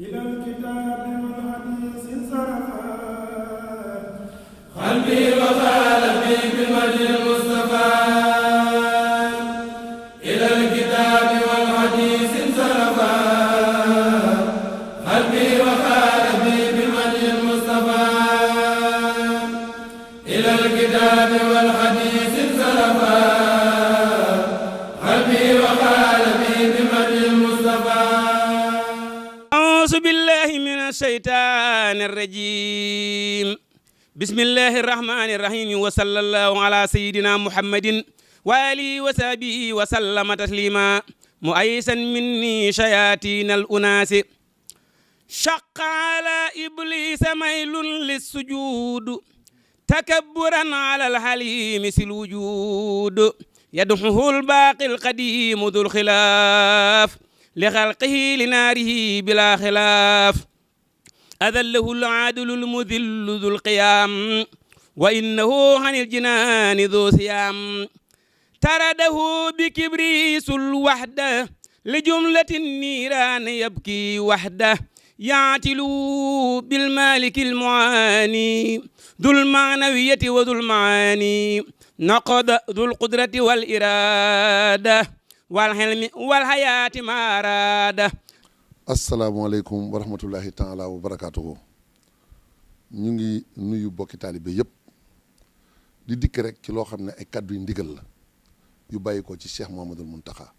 إلى الكتاب والحديث انصرفا قلبي وقلبي بالوجه المصطفى إلى الكتاب والحديث انصرفا قلبي وقلبي بالوجه المصطفى إلى الكتاب والحديث انصرفا الشيطان الرجيم بسم الله الرحمن الرحيم وصلى الله على سيدنا محمد وآله وصحبه وسلم تسليما مؤيسا مني شياطين الأناس شق على إبليس ميل للسجود تكبرا على الحليم سلوجود يدحه الباقي القديم ذو الخلاف لخلقه لناره بلا خلاف أذله العادل المذل ذو القيام وإنه عن الجنان ذو ثيام ترده بكبريس الوحدة لجملة النيران يبكي وحده يعتل بالمالك المعاني ذو المعنوية وذو المعاني نقض ذو القدرة والإرادة والحلم والحياة ما أراده asalaamaaleykum wa rahmatullahi taala wa barakaatuhu ñu ngi nuyu bokki taalibe yëpp di dikk rekk ci loo xam ne ay kàddu yu ndigal la yu bàyyi ko ci cheikh Mouhamadul Mountakha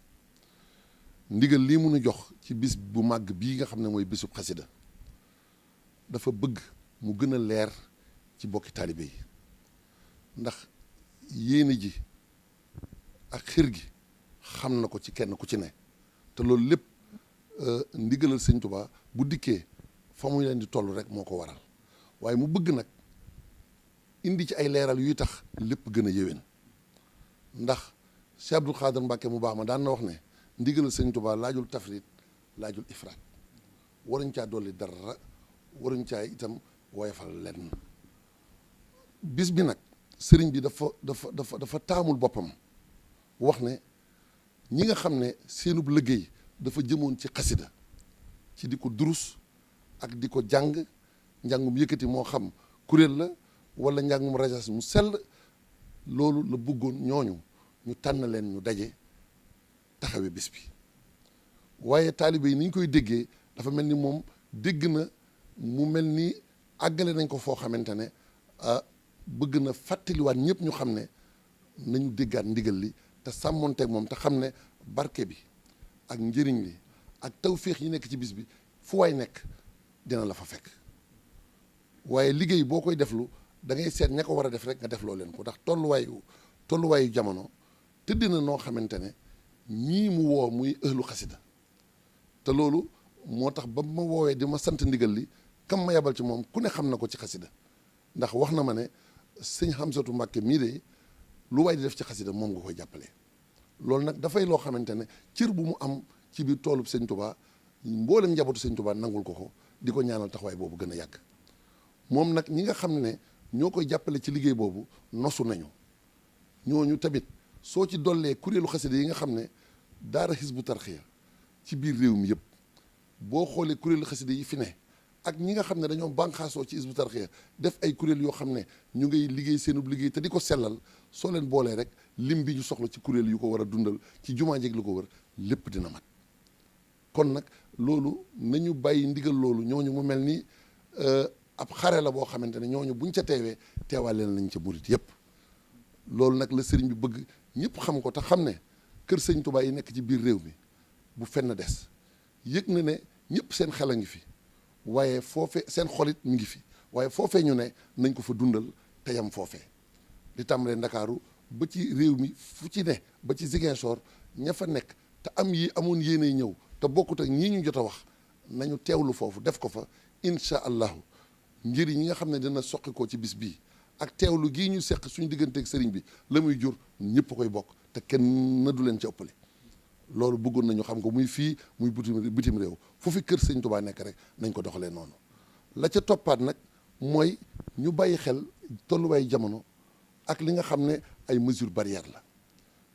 ndigal lii munu jox ci bis bu màgg bii nga xam ne mooy bisub xasida dafa bëgg mu gën a leer ci bokki taalibe yi ndax yéene ji ak xir gi xam na ko ci kenn ku ci ne te loolu lépp. Euh, ndigalal sëñ Tuubaa bu dikkee fa mu leen di toll rek moo ko waral waaye mu bëgg nag indi ci ay leeral yuy tax lépp gën a yéwén ndax Cheikh Abdou Khader Mbacke mu baax ma daan na wax ne ndigalal sëñ Tuubaa laajul tafrit laajul ifraat waruñ caa dolli dara waruñ caa itam woyofal lenn bis bi nag sëriñ bi dafa dafa dafa dafa taamul boppam wax ne ñi nga xam ne seenub liggéey dafa jëmoon ci xasida ci di ko durus ak di ko jàng njàngum yëkkati moo xam kuréel la wala njàngum rajas mu sell loolu la bëggoon ñooñu ñu tànn leen ñu daje taxawe bis bi waaye taalibe yi niñ koy déggee dafa mel ni moom dégg na mu mel ni àggale nañ ko foo xamante ne ah, bëgg na fàttaliwaat ñëpp ñu xam ne nañu déggaat ndigal li te sàmmoonteeg moom te xam ne barke bi ak njëriñ li ak tawféex yi nekk ci bis bi fu waay nekk dina la fa fekk waaye liggéey boo koy deflu da ngay seet ña ko war a def rek nga def loo leen ko ndax tolluwaayu tolluwaayu jamono tëdd na noo xamante ne ñii mu woo muy ëhlu xasida te loolu moo tax ba mu ma woowee di ma sant ndigal li kam ma yabal ci moom ku ne xam na ko ci xasida ndax wax na ma ne sëñ Xamsatu Mbàkke mii de lu waay di def ci xasida moom nga koy jàppale loolu nag dafay loo xamante ne cir bu mu am ci biir toolub sëñ tubaa mboolem njabootu sëñ tubaa nangul ko ko di ko ñaanal taxawaay boobu gën a yàgg moom nag ñi nga xam ne ñoo koy jàppale ci liggéey boobu nosu nañu ñooñu tamit soo ci dollee kuréelu xasida yi nga xam ne daara Hizbut Tarqiyyah ci biir réew mi yëpp boo xoolee kuréelu xasida yi fi ne ak ñi nga xam ne dañoo bànqaasoo ci Hizbut Tarqiyyah def ay kuréel yoo xam ne ñu ngay liggéey seenub liggéey te di ko sellal soo leen boolee rek lim bi ñu soxla ci kuréel yu ko war a dundal ci jumaa jeeg lu ko wër lépp dina mat kon nag loolu na ñu bàyyi ndigal loolu ñu mu mel ni euh, ab xare la boo xamante ne ñooñu buñ ca teewee teewaaleen lañ ca murit yépp loolu nag la sëriñ bi bëgg ñëpp xam ko te xam ne kër sëñ Tuubaa yi nekk ci biir réew mi bu fenn des yëg na ne ñëpp seen xel a ngi fi waaye foofe seen xolit mi ngi fi waaye foofee ñu ne nañ ko fa dundal te yam foofee li tàmbalee Ndakaaru ba ci réew mi fu ci ne ba ci Ziguinchor ña fa nekk te am yi amoon yéenay ñëw te bokkut ak ñii ñu jot a wax nañu teewlu foofu def ko fa incha allahu ngir ñi nga xam ne dina soqi ko ci bis bii ak teewlu gii ñu seq suñu digganteeg sëriñ bi la muy jur ñëpp koy bokk te kenn na du leen ci ëppale loolu buggoon nañu xam ko muy fii muy bitim bitim réew fu fi kër sëñ Tuubaa nekk rek nañ ko doxalee noonu la ca toppaat nag mooy ñu bàyyi xel tolluwaay jamono ak li nga xam ne ay mesures barrières la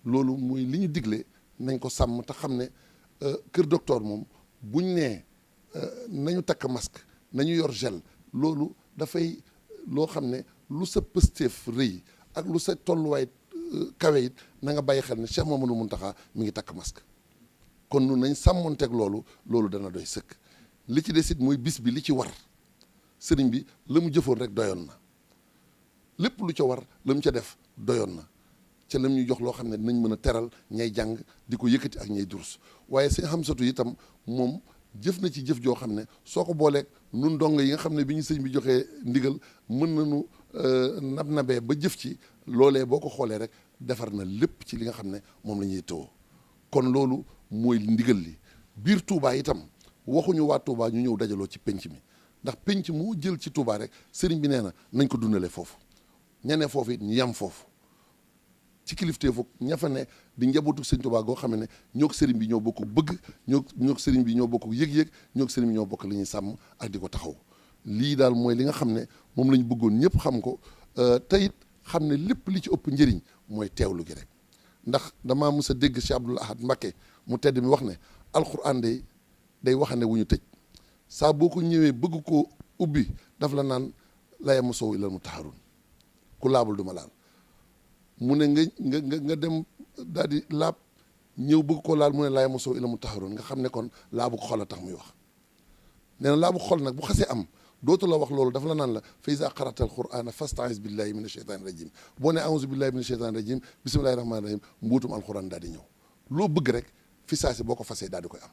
loolu muy li ñu digle nañ ko sàmm te xam ne euh, kër docteur moom buñ nee euh, nañu takk masque nañu yor gel loolu dafay loo xam ne lu sa pësteef rëy ak lu sa tolluwaay euh, kawe it na nga bàyyi xel ne Cheikh mun Mountakha mi ngi takk masque kon nu nañ sàmmoon teg loolu loolu dana doy sëkk li ci des it mooy bis bi li ci war sëriñ bi la mu jëfoon rek doyoon na lépp lu ca war la mu ca def doyoon na ca lam ñu jox loo xam ne dinañ mën a teral ñay jàng di ko yëkkati ak ñay durs waaye sëñ Hamsatu itam moom jëf na ci jëf joo xam ne soo ko booleek nun dong yi nga xam ne bi ñu sëñ bi joxee ndigal mën nañu euh, nab nabee ba jëf ci loolee boo ko xoolee rek defar na lépp ci li nga xam ne moom la ñuy tëwoo kon loolu mooy ndigal li biir Touba itam waxuñu waa Touba ñu ñëw dajaloo ci penc mi ndax penc mu jël ci Touba rek sëriñ bi nee na nañ ko dundalee foofu ñane fofu it ñam fofu ci kilifté kilifteefu ña fa ne di njabootu serigne touba go xamné ne serigne bi ño bokk bëgg ñok ñok serigne bi ño bokk yëg-yëg ñok serigne bi ño bokk li ñuy sàmm ak diko taxaw li dal moy li nga xamné mom moom bëggoon ñëpp xam ko euh tayit xamné lepp li ci upp njëriñ moy tewlu gi rek ndax dama mësa dégg ci Abdoul Ahad Mbacké mu tedd mi wax né alcorane day day waxane bëgg ko ubbi daf la naan la ila mutaharun ku du ma mune nga nga nga dem dadi lab ñëw bëgg ko laal mune lay laay ila mutahharun nga xamne kon labu xol tax muy wax neena labu xol nak bu xasse am dootu la wax lolu dafa la nan la fa iza qara'ta alqur'ana fasta'iz billahi minash shaitani rajim bone a'udhu billahi minash shaitani rajim bismillahir rahmanir rahim mbutum alquran dadi ñëw lo bëgg rek fi saasi boko ko dadi koy am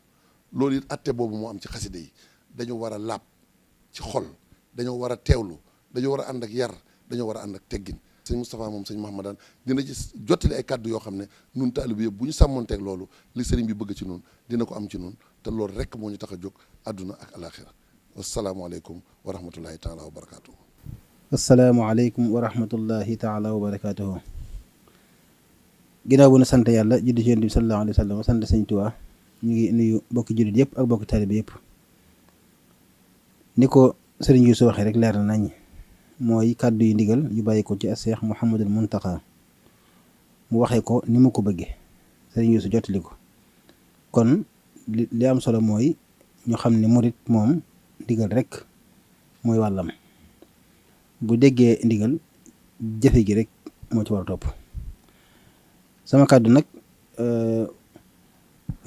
lolu it atte bobu moo am ci xaside yi dañu wara lab ci xol dañu wara tewlu dañu wara war ànd ak yar dañoo war a ànd ak teggin sëñ Moustapha moom sëñ Mahamadan dina ci jottali ay kàddu yoo xam ne nun taalibe yëpp bu ñu sàmmonteeg loolu li sëriñ bi bëgg ci noonu dina ko am ci noonu te loolu rek moo ñu tax a jóg àdduna ak alaxira wasalaamualeykum wa rahmatullahi taala wa barakatuhu asalaamualeykum wa rahmatullahi taala wa barakatuhu ginnaaw bu na sant yàlla juddi ci yonent bi sallallahu alayhi wa sallam sant sëñ Tuubaa ñu ngi nuyu bokki jullit yëpp ak bokki taalibe yëpp ni ko sëriñ Yuusu waxee rek leer na nañ mooy kàddu yi ndigal yu bàyyi ko ci Cheikh Mouhamadul Mountakha mu waxe ko ni mu ko bëggee sëriñ Yuusu jottali ko kon li am solo mooy ñu xam ne murit moom ndigal rek mooy wàllam bu déggee ndigal jëfe gi rek moo ci war a topp sama kàddu nag euh,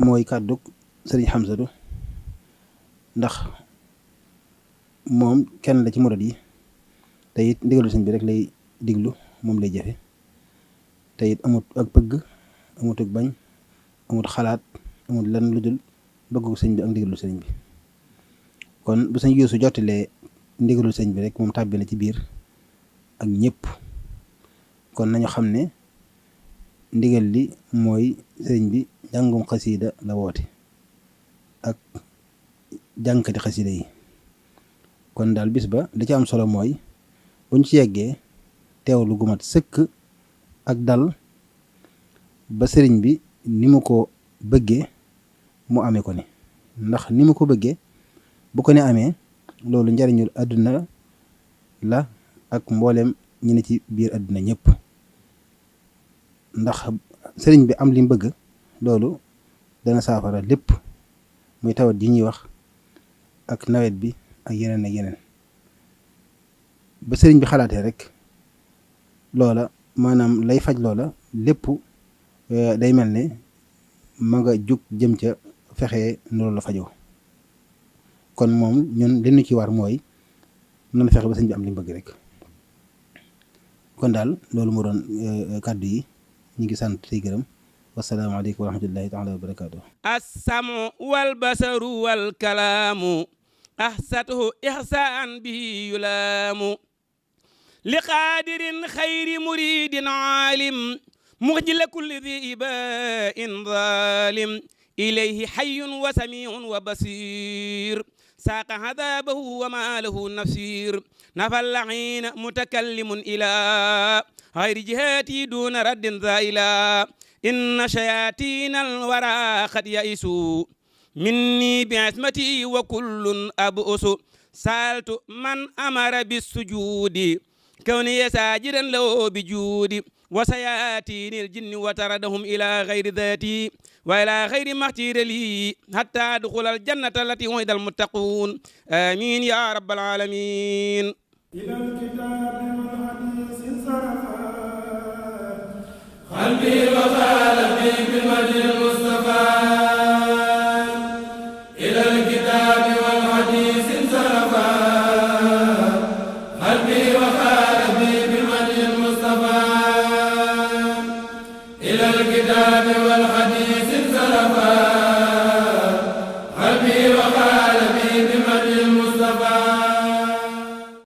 mooy kàddug sëriñ Hamsatu ndax moom kenn la ci murit yi te it ndigalu sëñ bi rek lay diglu moom lay jëfe te amut ak bëgg amut bañ amut xalaat amut lan lu dul bëggu sëñ bi ak ndigalu sëñ bi kon bu sëñ Yuusu jottalee ndigalu sëñ bi rek moom tàbbi na ci biir ak ñépp kon nañu xam ne ndigal li mooy sëñ bi jàngum xasiida la woote ak jànkati xasiida yi kon daal bis ba li ci am solo mooy buñ ci yeggee teewlu gu mat sëkk ak dal ba sëriñ bi ni mu ko bëggee mu amee ko ne ndax ni mu ko bëggee bu ko ne amee loolu njariñul àdduna la ak mbooleem ñu ne ci biir àdduna ñëpp ndax sëriñ bi am li bëgg loolu dana saafara lépp muy tawat yi ñuy wax ak nawet bi ak yeneen ak yeneen ba sëriñ bi xalaatee rek loola maanaam lay faj loola lépp e, day mel ne ma nga jug jëm ca fexe loolu la fajoo kon moom ñun li ñu ci war mooy nan fexe ba sëñ bi am li mu bëgg rek kon daal loolu moo doon e, e, kàddu yi ñu ngi sant tey gërëm wasalaamaaleykum wa rahmatullahi taala wa assamu wal basaru ahsatuhu ihsaan bihi yulaamu لقادر خير مريد عالم مخجل كل ذي إباء ظالم إليه حي وسميع وبصير ساق عذابه وما له نفسير نفى اللعين متكلم إلى غير جهاتي دون رد زائلا إن شياطين الورى قد يئسوا مني بعثمتي وكل أبؤس سألت من أمر بالسجود كوني ساجدا له بجودي وسياتيني الجن وتردهم الى غير ذاتي والى غير ما اختير لي حتى ادخل الجنه التي وعد المتقون امين يا رب العالمين الى الكتاب والحديث صرفا قلبي وقلبي بالمجد